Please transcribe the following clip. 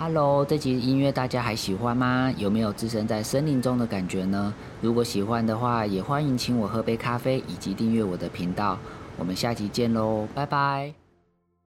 哈嘍，Hello, 這集音樂大家還喜歡嗎？有沒有置身在森林中的感覺呢？如果喜歡的話，也歡迎請我喝杯咖啡，以及訂閱我的頻道。我們下集見嘍，拜拜。